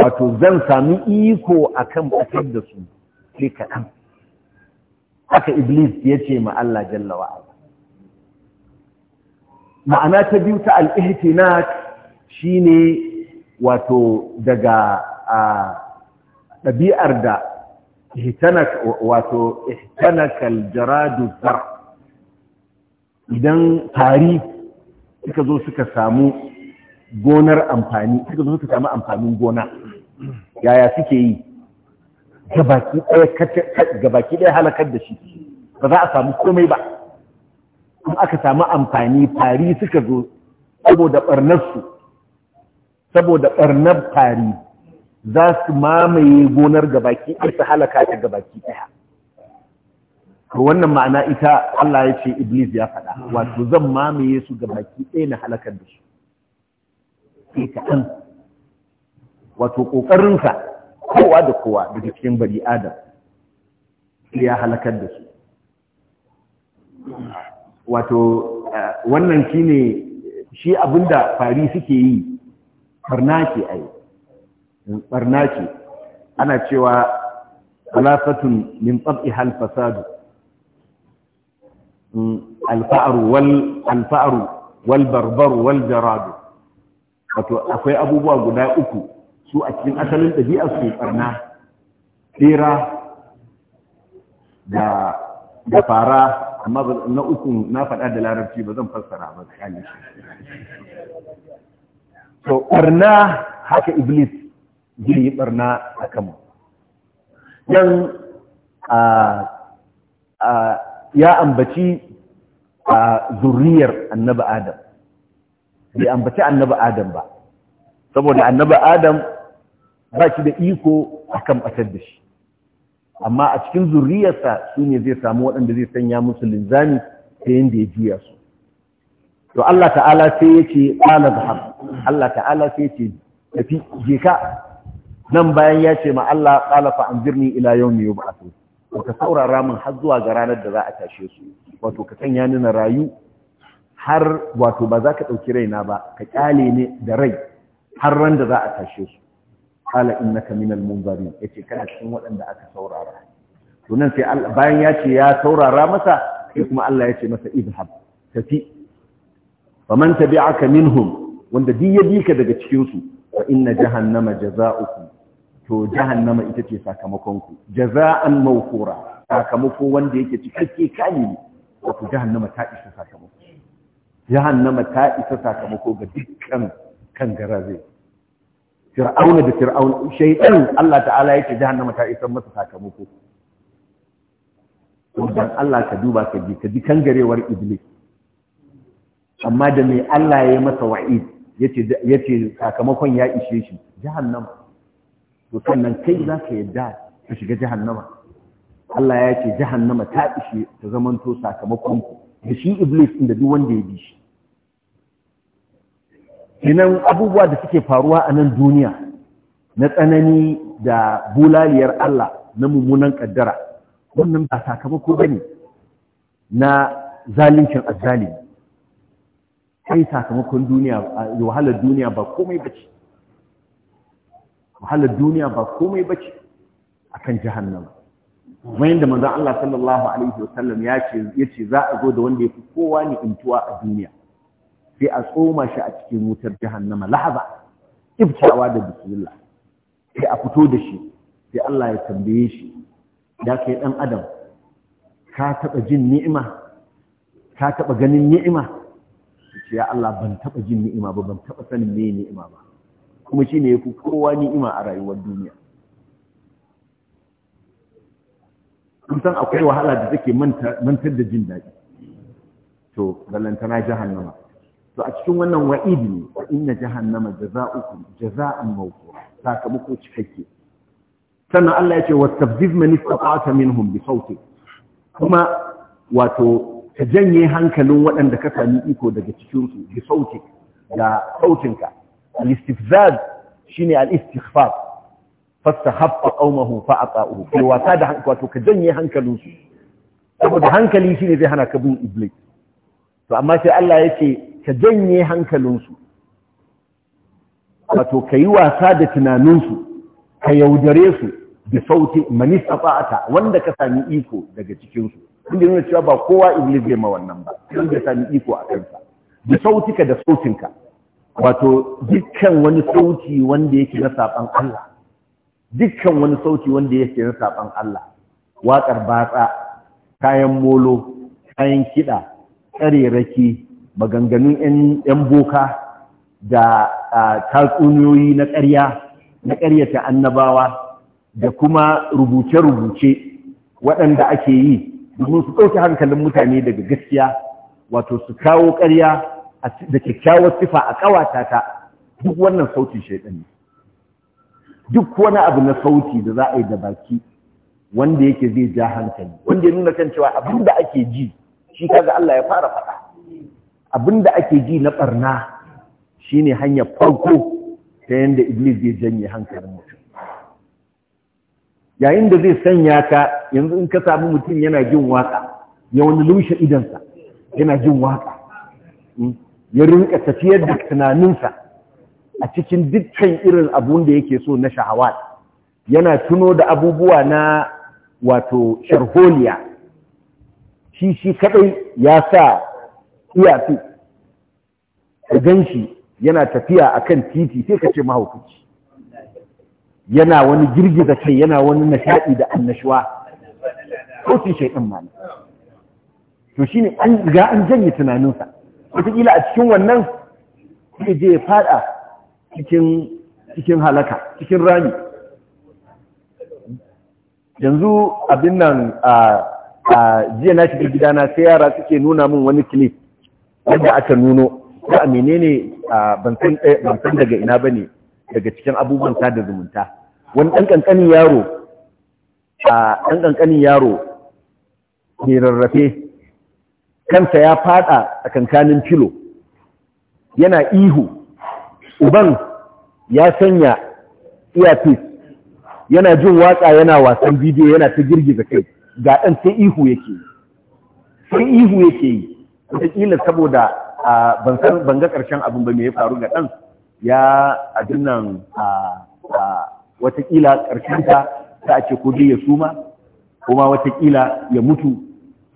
wato zan sami iko akan batar da su sai ka kadan haka iblis yace ma Allah jalla wa ala ma'ana ta biyu ta al-ihtinat shine wato daga ɗabi'ar da ihtanak wato ihtanakal jaradu zar idan tari suka zo suka samu gonar amfani suka zo suka samu amfanin gona yaya suke yi gabaki ɗaya halakar da shi ba za a samu komai ba kuma aka samu amfani tari suka zo saboda ɓarnarsu saboda ɓarnar tari za su mamaye gonar gabaki ɗaya su halaka ta gabaki ɗaya to wannan ma'ana ita Allah ya ce iblis ya faɗa wato zan mamaye su gabaki ɗaya na halakar da su sai kaɗan wato ƙoƙarinsa kowa da kowa daga cikin bari adam ya halakar da su wato wannan shi ne shi abinda fari suke yi farna ke aiki barna ce ana cewa khalafatun min tab'i hal fasadu mm, alfa'aru wal barbaru wal jaradu wato akwai abubuwa guda uku su a cikin asalin ɗabi'a su ɓarna tsira da da fara amma na uku na faɗa da larabci ba zan fassara ba tsakanin so ɓarna haka iblis yi barna a kanmu Yan ya ambaci zurriyar annaba adam bai ambaci annaba adam ba saboda annaba adam ba shi da iko akan batar da shi amma a cikin zurriyarsa su ne zai samu waɗanda zai sanya musu linzani ta yadda ya juya su to Allah ta'ala sai ya ce ƙala Allah ta'ala sai ya tafi je nan bayan ya ce ma Allah qala fa anzirni ila yawmi yub'athun ka saurara min har zuwa ga ranar da za a tashe su wato ka sanya ni na rayu har wato ba za ka ɗauki raina ba ka ƙyale ni da rai har ran da za a tashe su qala innaka minal munzarin yace kana cikin waɗanda aka saurara to nan sai bayan ya ce ya saurara masa sai kuma Allah ya ce masa idhab tafi faman tabi'aka minhum wanda duk ya bi ka daga cikin su fa inna jahannama jaza'ukum to jahannama ita ce sakamakonku jaza'an mawkura sakamako wanda yake cikakke kamili wato jahannama ta isa sakamako jahannama ta isa sakamako ga dukkan kangaraze fir'auna da fir'auna shaytan Allah ta'ala yake jahannama ta isa masa sakamako dan Allah ka duba ka ji ka ji kangarewar iblis amma da mai Allah ya yi masa wa'id yace yace sakamakon ya ishe shi jahannama to sannan kai za ka yadda ka shiga jahannama Allah ya ce jahannama ta ishe ta zamanto sakamakon da shi iblis inda duk wanda ya bi shi kinan abubuwa da suke faruwa a nan duniya na tsanani da bulaliyar Allah na mummunan kaddara wannan ba sakamako bane na zalincin azzalimi kai sakamakon duniya wahalar duniya ba komai bace wahalar duniya ba komai bace akan jahannama wayan da manzon Allah sallallahu alaihi wasallam ya ce za a zo da wanda ya fi kowa ne intuwa a duniya sai a tsoma shi a cikin wutar jahannama lahaza ibtawa da bismillah sai a fito da shi sai Allah ya tambaye shi ya kai dan adam ka taba jin ni'ima ka taba ganin ni'ima ya Allah ban taba jin ni'ima ba ban taba sanin me ni'ima ba kuma shi ne ya fi kowa ni'ima a rayuwar duniya san akwai wahala da take mantar da jin daɗi to ballantana jahannama to a cikin wannan wa'idi ne wa inna jahannama jaza'ukum jaza'an sakamako cikakke sannan Allah ya ce wastabdif man istata'ta minhum bi sauti kuma wato ka janye hankalin waɗanda ka sami iko daga cikinsu su bi sauti da sautinka al-istifzaz shine al-istighfar fastahaffa qaumahu fa ata'uhu kai wasa da hankali wato ka janye hankalin su saboda hankali shine zai hana ka bin iblis to amma sai Allah ya ce ka janye hankalin su wato kai wasa da tunaninsu ka yaudare su da sauti man istata'ata wanda ka sami iko daga cikinsu. su inda nuna cewa ba kowa iblis bai ma wannan ba inda sami iko a kansa da sautika da sautinka wato dukkan wani sauti wanda yake na saban Allah dukkan wani sauti wanda yake na saban Allah waƙar batsa kayan molo kayan kiɗa raki, maganganun 'yan boka da tatsuniyoyi na ƙarya na ƙaryata annabawa da kuma rubuce-rubuce waɗanda ake yi domin su ɗauki hankalin mutane daga gaskiya wato su kawo ƙarya da kyakkyawar sifa a ƙawata ta duk wannan sautin shaidan ne duk wani abu na sauti da za a yi da baki wanda yake zai ja hankali wanda ya nuna kan cewa abin da ake ji shi kaga Allah ya fara faɗa abin da ake ji na ɓarna shi ne hanyar farko ta yadda iblis zai janye hankalin mutum yayin da zai sanya ka yanzu in ka sami mutum yana jin waka ya wani lushe idansa yana jin waka hmm. ya rinka tafiyar da tunaninsa a cikin dukkan irin abun da yake so na shahawat yana tuno da abubuwa na wato sharholiya shi shi kaɗai ya sa iyafi gan shi yana tafiya a kan titi sai ka ce mahaukaci yana wani girgiza kai yana wani nashaɗi da annashuwa ko shi shaiɗin mana to ne an ga an janye tunaninsa wataƙila a cikin wannan sai je fada cikin halaka cikin rami yanzu abin nan a jiya na shiga gidana sai yara suke nuna min wani clip wanda aka nuno ko a menene eh, ban san daga ina ba ne daga cikin abubuwan sada zumunta wani ɗan ƙanƙanin yaro a ɗan ƙanƙanin yaro mai rarrafe kansa ya fada a kankanin filo yana ihu uban ya sanya earpiece yana jin waka yana wasan bidiyo yana ta girgiza kai ga ɗan sai ihu yake sai ihu yake yi wataƙila saboda ban ga ƙarshen abin ba mai ya faru ga ɗan ya a nan wataƙila ƙarshen ta a ce ko ya suma kuma wataƙila ya mutu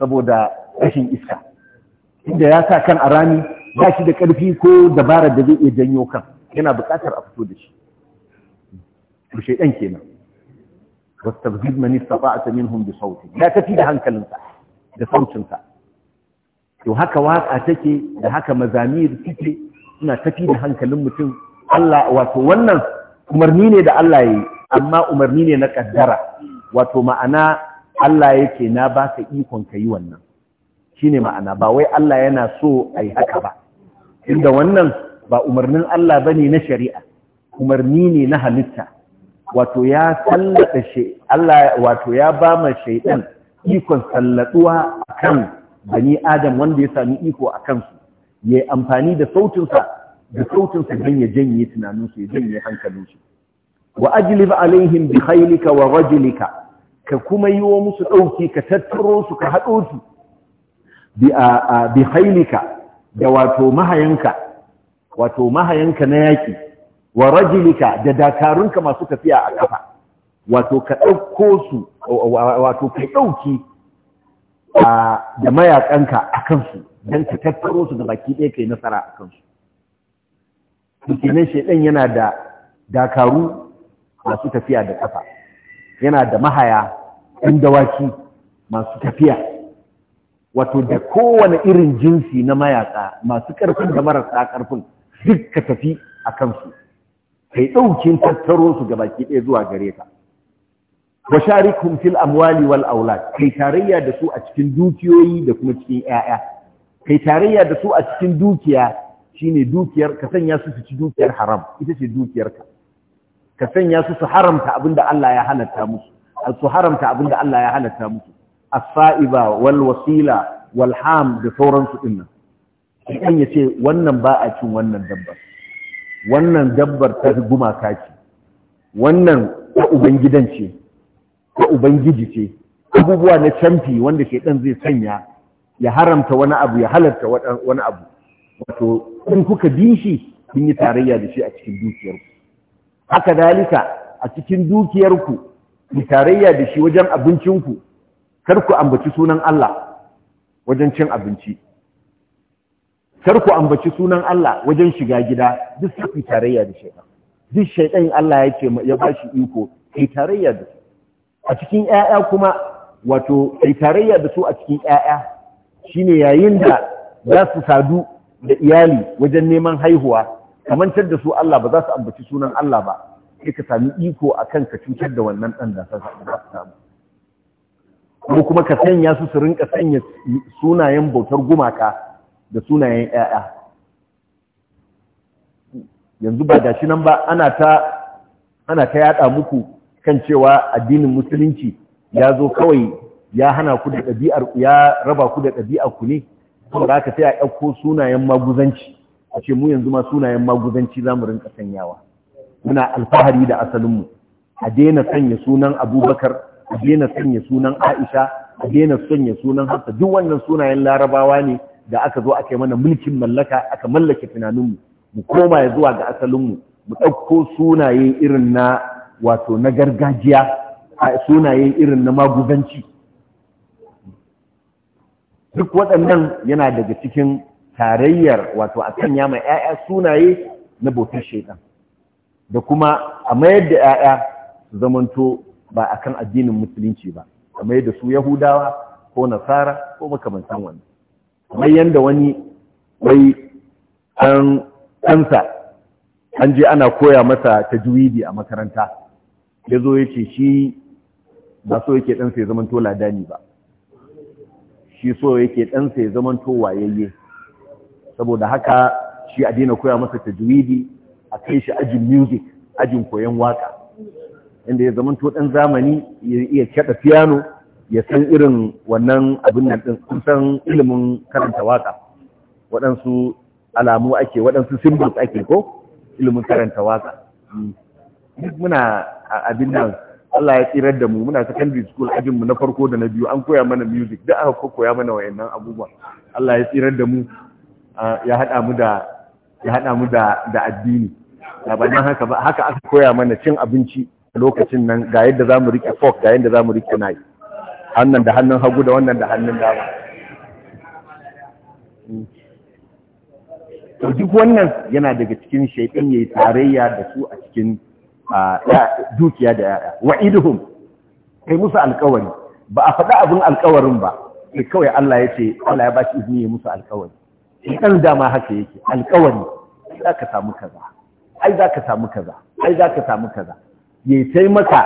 saboda rashin iska inda ya sa kan a rami ba shi da ƙarfi ko dabarar da zai iya janyo kan yana buƙatar a fito da shi rushe ɗan kenan wastabzid man istata'ta minhum bi sauti ya tafi da hankalinsa da sautinsa to haka waka take da haka mazamir take suna tafi da hankalin mutum Allah wato wannan umarni ne da Allah ya yi, amma umarni ne na ƙaddara. wato ma'ana Allah yake na ba ka ikon ka yi wannan shine ma'ana ba wai Allah yana so ayi haka ba inda wannan ba umarnin Allah bane na shari'a umarni ne na halitta wato ya sallata shi Allah wato ya ba ma ikon sallatuwa akan bani adam wanda ya sami iko kansu. Ya yi amfani da sautinsa da sautinsa don ya janye tunaninsu ya janye hankalinsu wa ajiliba alaihim bi khaylika wa rajlika ka kuma yi wa musu ɗauki ka tattaro su ka haɗo su bi hailika da wato mahayanka wato mahayanka na yaƙi wa rajilika da dakarunka masu tafiya a ƙafa wato ka ɗauko su wato ka ɗauki da mayaƙanka a kansu don ka tattaro su da baki ɗaya kai nasara a kansu kenan yana da dakaru masu tafiya da ƙafa yana da mahaya ɗan dawaki masu tafiya wato da kowane irin jinsi na mayaka masu ƙarfin da marasa ƙarfin duk ka tafi a kansu kai ɗaukin tattaronsu ga baki ɗaya zuwa gare ka wa sharikum fil amwali wal aulad kai tarayya da su a cikin dukiyoyi da kuma cikin 'ya'ya. kai tarayya da su a cikin dukiya shine dukiyar ka sanya su su ci dukiyar haram ita ce dukiyar ka ka sanya su su haramta abinda Allah ya halatta musu su haramta abinda Allah ya halatta musu as-sa'iba Walham da sauransu din nan idan yace wannan ba a cin wannan dabbar wannan dabbar ta gumaka ce wannan ta ubangidan ce ta ubangiji ce abubuwa na canfi wanda ke ɗan zai sanya ya haramta wani abu ya halarta wani abu wato in kuka bi shi kun yi tarayya da shi a cikin dukiyarku haka dalika a cikin dukiyarku ku tarayya da shi wajen abincinku kar ku ambaci sunan Allah wajen cin abinci kar ku ambaci sunan Allah wajen shiga gida duk sai tarayya da shaytan duk shaytan Allah ya ce ya bashi iko kai tarayya da su a cikin ƴaƴa kuma wato kai tarayya da su a cikin ƴaƴa shine yayin da za su sadu da iyali wajen neman haihuwa tar da su Allah ba za su ambaci sunan Allah ba sai ka sami iko akan ka cutar da wannan ɗan da ka samu ko kuma ka sanya su su rinka sanya sunayen bautar gumaka da sunayen ƴaƴa yanzu ba gashi nan ba ana ta ana ta yada muku kan cewa addinin musulunci ya zo kawai ya hana ku da ɗabi'ar ya raba ku da ɗabi'ar ku ne za ka sai a ɗauko sunayen maguzanci a ce mu yanzu ma sunayen maguzanci za mu rinka sanyawa muna alfahari da asalinmu a daina sanya sunan abubakar a daina sanya sunan Aisha a daina sanya sunan Hafsa duk wannan sunayen Larabawa ne da aka zo aka yi mana mulkin mallaka aka mallake tunaninmu mu koma zuwa ga asalinmu mu ɗauko sunaye irin na wato na gargajiya sunaye irin na magudanci duk waɗannan yana daga cikin tarayyar wato a sanya mai 'ya'ya sunaye na bautar shaidan da kuma a mayar da 'ya'ya su zamanto ba kan addinin musulunci ba kamar yadda su yahudawa ko nasara ko makamantan wani. kamar yadda wani wai an kansa an je ana koya masa juwidi a makaranta ya zo ya ce shi ba so yake ɗansa ya zamanto ladani ba shi so yake ɗansa ya zamanto wayayye saboda haka shi a daina koya masa juwidi a kai shi ajin music ajin koyon waka inda ya zamanto ɗan zamani ya iya kyaɗa fiyano ya san irin wannan abin nan ɗin kusan ilimin karanta waka waɗansu alamu ake waɗansu simbols ake ko ilimin karanta waka duk muna abin nan Allah ya tsirar da mu muna secondary school ajin mu na farko da na biyu an koya mana music duk aka koya mana wayannan abubuwa Allah ya tsirar da mu ya hada mu da ya hada mu da da addini ba dan haka ba haka aka koya mana cin abinci lokacin nan ga yadda za mu rike fork ga yadda za mu rike knife hannun da hannun hagu da wannan da hannun dama to duk wannan yana daga cikin shaidan yayi tarayya da su a cikin dukiya da yaya Wa'iduhun, kai musu alkawari ba a faɗa abin alkawarin ba sai kawai Allah ya ce Allah ya ba shi izini ya musu alkawari ɗan dama haka yake alkawari za ka samu kaza ai za ka samu kaza ai za ka samu kaza ya sai maka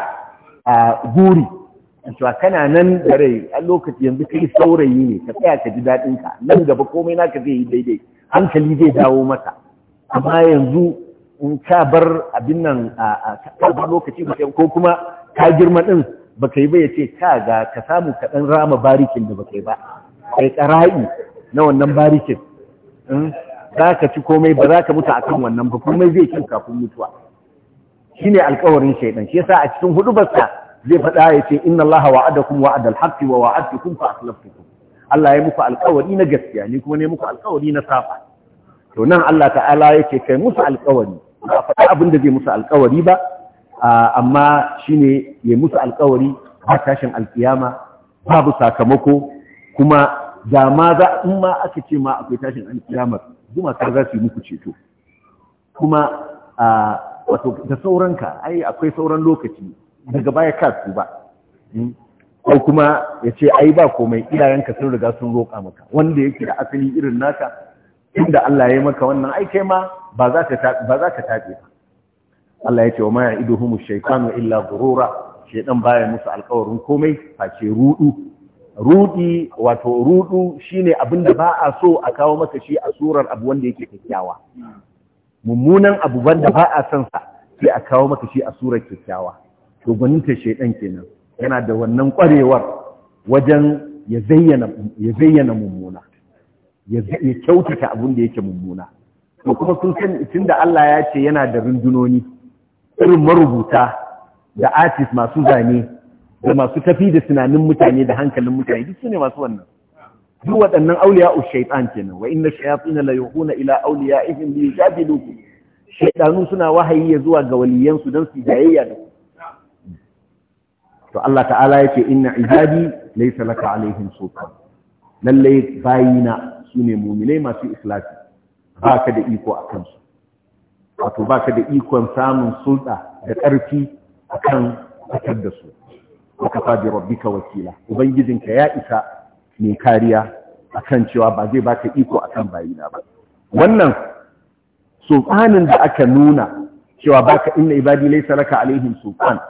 a guri cewa kana nan da rai a lokaci yanzu kai saurayi ne ka tsaya ka ji daɗin ka nan gaba komai naka zai yi daidai hankali zai dawo maka amma yanzu in ka bar abin nan a ka bar lokaci ko kuma ka girma din baka yi ba ya ce ka ga ka samu kaɗan rama barikin da baka yi ba kai ƙara'i na wannan barikin hmm? za ka ci komai ba za ka mutu akan wannan ba komai zai cin kafin mutuwa shine alƙawarin shaidan shi yasa a cikin hudubarsa zai faɗa ya ce inna allaha wa'adakum wa'adal haqqi wa wa'adtukum fa akhlaftukum Allah ya muku alƙawari na gaskiya ni kuma ne muku alƙawari na safa to nan Allah ta'ala yake kai musu alƙawari ba faɗa abin da zai musu alƙawari ba amma shine ya musu alƙawari ba tashin alƙiyama babu sakamako kuma da ma za in ma aka ce ma akwai tashin alƙiyamar kar za su yi muku ceto kuma wato da sauranka ai akwai sauran lokaci daga baya ka su ba hmm? ko kuma ya ce ai ba komai iyayenka sun riga sun roƙa maka wanda yake da asali irin naka inda Allah ya yi maka wannan ai kai ma ba za ka ba ba Allah ya ce wa ma ya'iduhumu shaytanu illa ghurura shaytan baya musu alƙawarin komai face rudu rudi wato rudu shine abinda ba a so a kawo maka shi a surar abu wanda yake kyakkyawa mummunan abu da ba a san sa sai a kawo maka shi a surar kyakkyawa to ta shaidan kenan yana da wannan kwarewar wajen ya zayyana ya zayyana mummuna ya kyautata abin da yake mummuna to kuma sun san tunda Allah ya ce yana da rundunoni irin marubuta da artist masu zane da masu tafi da tunanin mutane da hankalin mutane duk su masu wannan duk waɗannan auliya shaitan kenan wa inna shayatin la yuhuna ila awliyaihim li yujadiluku shaitanu suna wahayi ya zuwa ga waliyansu don su jayayya da to Allah ta'ala yake inna ibadi laysa laka alaihim sultan lalle bayina sune mu'minai masu ikhlasi ka da iko akan su wato baka da ikon samun sulta da ƙarfi akan fitar da su wa kafa bi rabbika wakila ubangijinka ya isa mai kariya akan cewa ba zai baka iko akan bayina ba wannan sultanin da aka nuna cewa baka inna ibadi sadaka laka alaihim sultan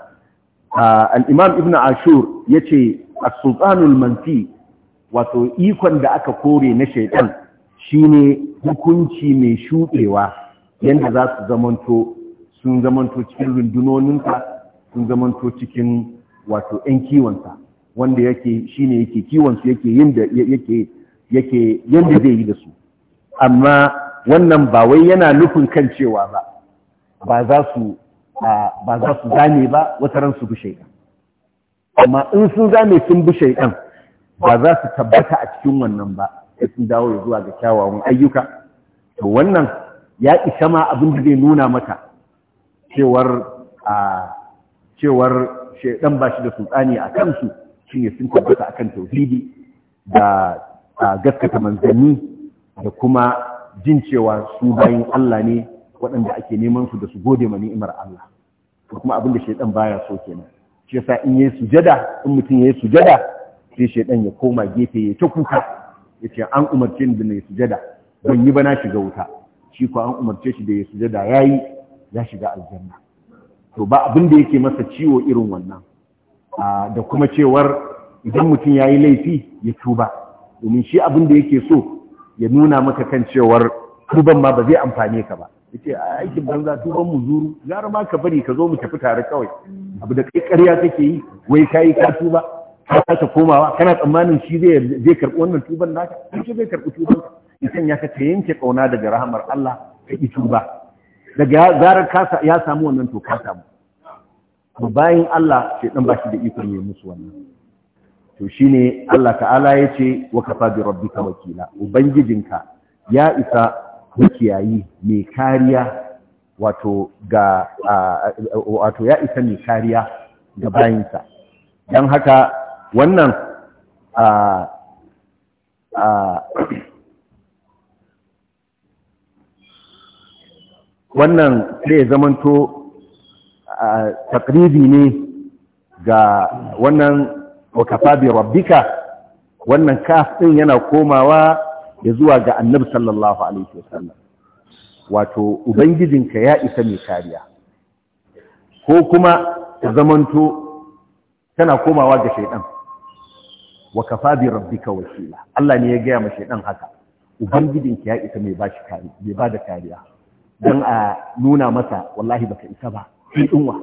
al-imam ibn ashur yace as-sultanul manfi wato ikon da aka kore na shaitan shine hukunci mai shuɗewa yanda za su zamanto sun zamanto cikin rundunoninka sun zamanto cikin wato 'yan kiwonsa wanda yake ne yake kiwonsu yake yin yake yake yanda zai yi da su amma wannan ba wai yana nufin kan cewa ba ba za su ba zame ba wata ransu su bi shaidan amma in sun zame sun bi shaidan ba za su tabbata a cikin wannan ba sai sun dawo zuwa ga kyawawan ayyuka to wannan ya isa ma abin da zai nuna maka cewar a cewar shaidan ba shi da sultani a kansu ne sun tabbata akan tauhidi da gaskata manzanni da kuma jin cewa su bayin Allah ne waɗanda ake neman su da su gode ma ni'imar Allah to kuma abin da shaydan baya so kenan shi yasa in yayi sujada in mutum ya yi sujada sai shaydan ya koma gefe ya ta kuka yace an umarce ni da na sujada ban yi ba na shiga wuta shi ko an umarce shi da ya sujada yayi ya shiga aljanna to ba abin da yake masa ciwo irin wannan da kuma cewar idan mutum ya yi laifi ya tuba domin shi abin da yake so ya nuna maka kan cewar tuban ma ba zai amfani ka ba ya ce a aikin banza tuban mu zuru gara ma ka bari ka zo mu tafi tare kawai abu da kai karya take yi wai ka yi ka tuba ka kasa komawa kana tsammanin shi zai karɓi wannan tuban naka shi zai karɓi tuban ka yanke ƙauna daga rahamar Allah ka tuba daga zarar ya samu wannan to ka samu Ba bayan Allah sai dan bashi da ikon yi musu wannan to shine Allah ta'ala yace wa kafa bi rabbika wakila ubangijinka ya isa hukiyayi mai kariya wato ga wato ya isa mai kariya ga bayinsa dan haka wannan a a wannan sai zamanto takribi ne ga wannan wakafabi rabbika wannan kafin yana komawa ya zuwa ga annabi sallallahu alaihi wasallam wato ubangijinka ya isa mai kariya ko kuma zamanto tana komawa ga shaidan wa kafa bi rabbika wakila Allah ne ya gaya ma shaidan haka ubangijinka ya isa mai bashi kariya mai bada kariya dan a nuna masa wallahi baka isa ba kai dinwa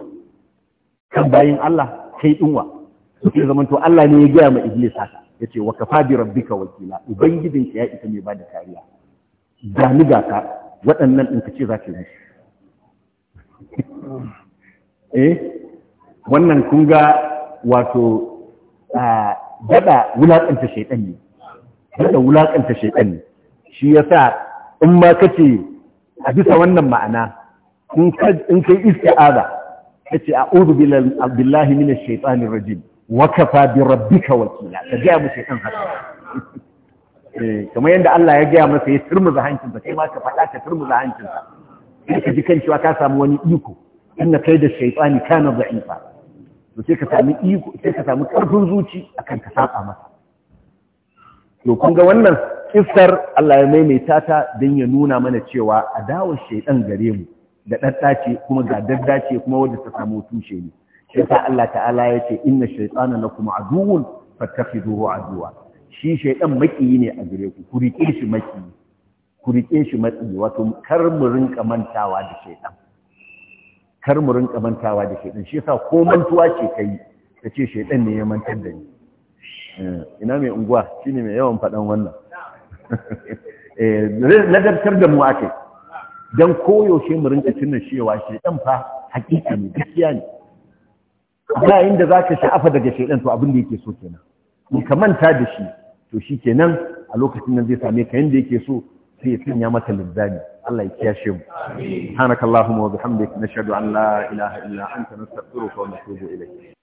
kan bayin Allah kai dinwa sai zaman to Allah ne ya gaya ma iblis haka yace wa kafa bi rabbika wakila ubangijin ya ita mai bada kariya da ni ga ka waɗannan din kace zaka yi eh wannan kun ga wato daɗa wulaƙanta shaiɗan ne daɗa wulaƙanta shaiɗan ne shi ya sa in ma kace a bisa wannan ma'ana in kai isti'aza kace a'udhu billahi minash shaitanir rajim wa kafa bi rabbika wakila ka ga mu shaitan haka eh, kamar yadda Allah ya gaya masa ya turmuza hancinsa kai ma ka faɗa ka turmuza hancinsa sai ka ji kan cewa ka samu wani iko inna kai da shaytani kana da'ifa to sai ka sami iko sai ka sami karfin zuci akan ka saba masa to kun ga wannan kissar Allah ya maimaita ta don ya nuna mana cewa adawar shaytan gare mu da daddace kuma ga daddace kuma wadda ta samu tushe ne shi yasa Allah ta'ala ya ce inna shaytana lakum aduwwun fattakhiduhu aduwa shi shaytan makiyi ne a gare ku ku rike shi makiyi ku rike shi matsi wato kar mu rinka mantawa da shaytan kar mu rinka mantawa da shaytan shi yasa ko mantuwa ce kai ce shaytan ne ya mantar da ni ina mai unguwa shine mai yawan faɗan wannan eh ladabtar da mu akai don koyaushe mu rinka tunan cewa shaidan fa hakika ne gaskiya ne yayin da zaka sha'afa daga shaidan to abin da yake so kenan in ka manta da shi to shi kenan a lokacin nan zai same ka yanda yake so sai ya sanya maka lizzani Allah ya kiyashe mu amin subhanakallahumma wa bihamdika nashhadu an la ilaha illa anta nastaghfiruka wa natubu ilayk